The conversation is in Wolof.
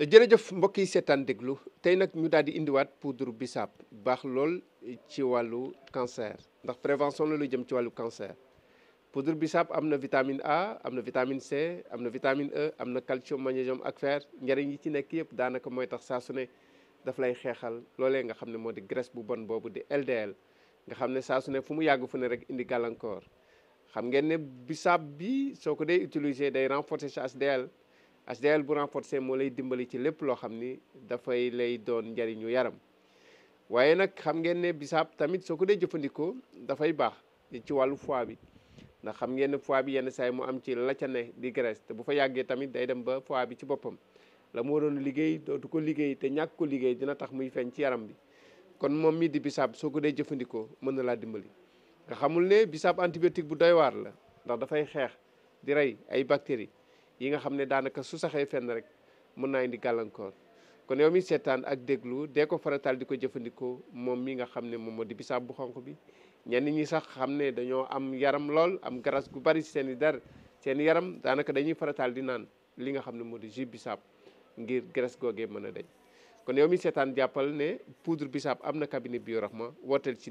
jërëjëf mbokk yi seetaan déglu tey nag ñu daal di indiwaat poudre bisaab baax lool ci wàllu cancer ndax prévention la lu jëm ci wàllu cancer poudre bisaab am na vitamine A am na vitamine C am na vitamine E am na calcium magnésium ak fer njëriñ yi ci nekk yëpp daanaka mooy tax saa su daf lay xeexal loole nga xam ne moo di graisse bu bon boobu di LDL nga xam ne saa su ne fu mu yàgg fu ne rek indi gàllankoor xam ngeen ne bisaab bi soo ko day utiliser day renforcer sa HDL. al bu renforcé moo lay dimbali ci lépp loo xam ni dafay lay doon njariñu yaram waaye nag xam ngeen ne bisaab tamit soo ko dee jëfandikoo dafay baax ci wàllu fois bi ndax xam ngeen ne foie bi yenn saay mu am ci la ca ne di graisse te bu fa yàggee tamit day dem ba foie bi ci boppam la mu waroon liggéey dootu ko liggéey te ñàkk ko liggéey dina tax muy feeñ ci yaram bi kon moom mii di bisaab soo ko dee jëfandikoo mën na laa dimbali nga xamul ne bisaab antibiotique bu doy la ndax dafay xeex di rey ay bactéries yi nga xam ne daanaka su saxee fenn rek mën naa indi gàllankoor kon yow mi seetaan ak déglu dee ko faratal di ko jëfandikoo moom mi nga xam ne moom moo di bisaab bu xonq bi ñenn ñi sax xam ne dañoo am yaram lool am garas gu bari seeni i der seen yaram daanaka dañuy faratal di naan li nga xam ne moo di jus bisaab ngir garas googee mën a deñ kon yow mi seetaan jàppal ne poudre bisaab am na cabinet Biorahma wooteel ci